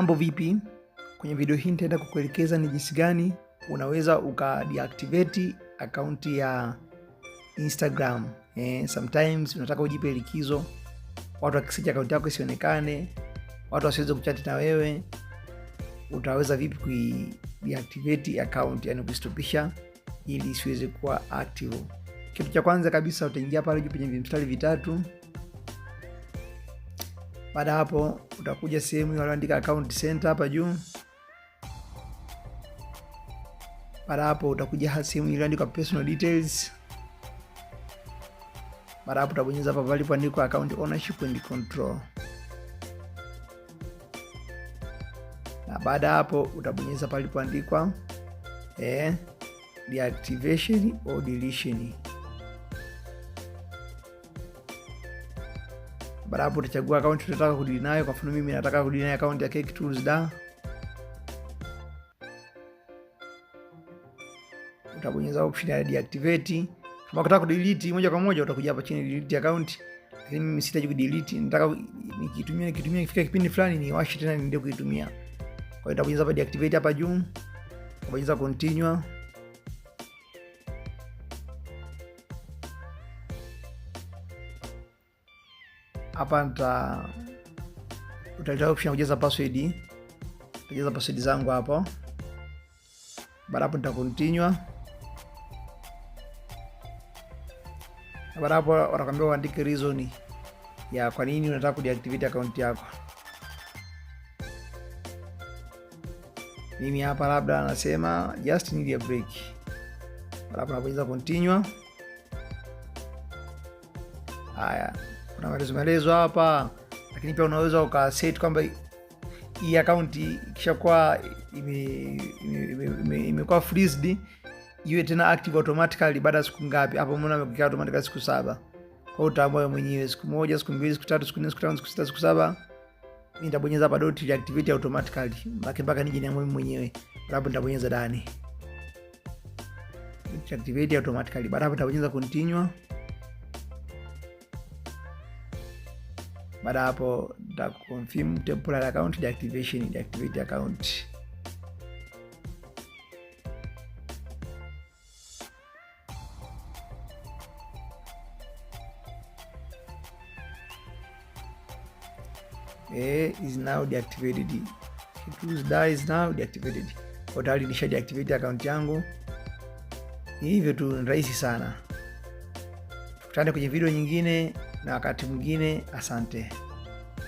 Mambo vipi? Kwenye video hii nitaenda kukuelekeza ni jinsi gani unaweza deactivate akaunti ya Instagram. Eh, sometimes unataka ujipe likizo, watu wakisija akaunti yako isionekane, watu wasiweze kuchati na wewe. Utaweza vipi deactivate account, yani kuistopisha ili isiweze kuwa active? Kitu cha kwanza kabisa utaingia pale juu penye vimstari vitatu baada hapo utakuja sehemu hiyo walioandika account center hapa juu. Baada hapo utakuja sehemu iliyoandikwa personal details. Baada hapo utabonyeza hapa palipoandikwa account ownership and control, na baada hapo utabonyeza palipoandikwa eh, deactivation or deletion. baada hapo utachagua akaunti unataka kudili nayo. Kwa mfano mimi nataka kudili nayo akaunti ya Cake Tools da, utabonyeza option ya deactivate. Kama unataka kudelete moja kwa moja utakuja hapa chini delete account, lakini mimi sitaji kudelete, nataka nikitumia nikitumia ikifika kipindi fulani niwashe tena niende kuitumia. Kwa hiyo utabonyeza hapa deactivate hapa juu, utabonyeza continue hapa nita utaleta option kujaza password, nitajaza password zangu hapo. Baada hapo nita continue. Baada hapo watakwambia uandike reason ya kwa nini unataka kudeactivate account yako. Mimi hapa labda anasema just need a break. Baada hapo continue. Haya kuna maelezo maelezo hapa, lakini pia unaweza ukaset kwamba hii akaunti ikishakuwa imekuwa freezed iwe tena active automatically baada ya siku ngapi? Hapo mbona imekuwa automatically siku saba. Kwa hiyo utaamua mwenyewe, siku moja, siku mbili, siku tatu, siku nne, siku tano, siku sita, siku saba. Mimi nitabonyeza hapa dot ili activate automatically, lakini mpaka nije niamue mimi mwenyewe, labda nitabonyeza ndani. activate automatically. Baada hapo nitabonyeza continue. Baada hapo nitakuconfirm temporary account deactivation, deactivate account. Eh, is now deactivated. It is now deactivated. Kwa tayari nisha deactivate account yangu. Hivyo tu ni rahisi sana. Tukutane kwenye video nyingine na wakati mwingine, asante.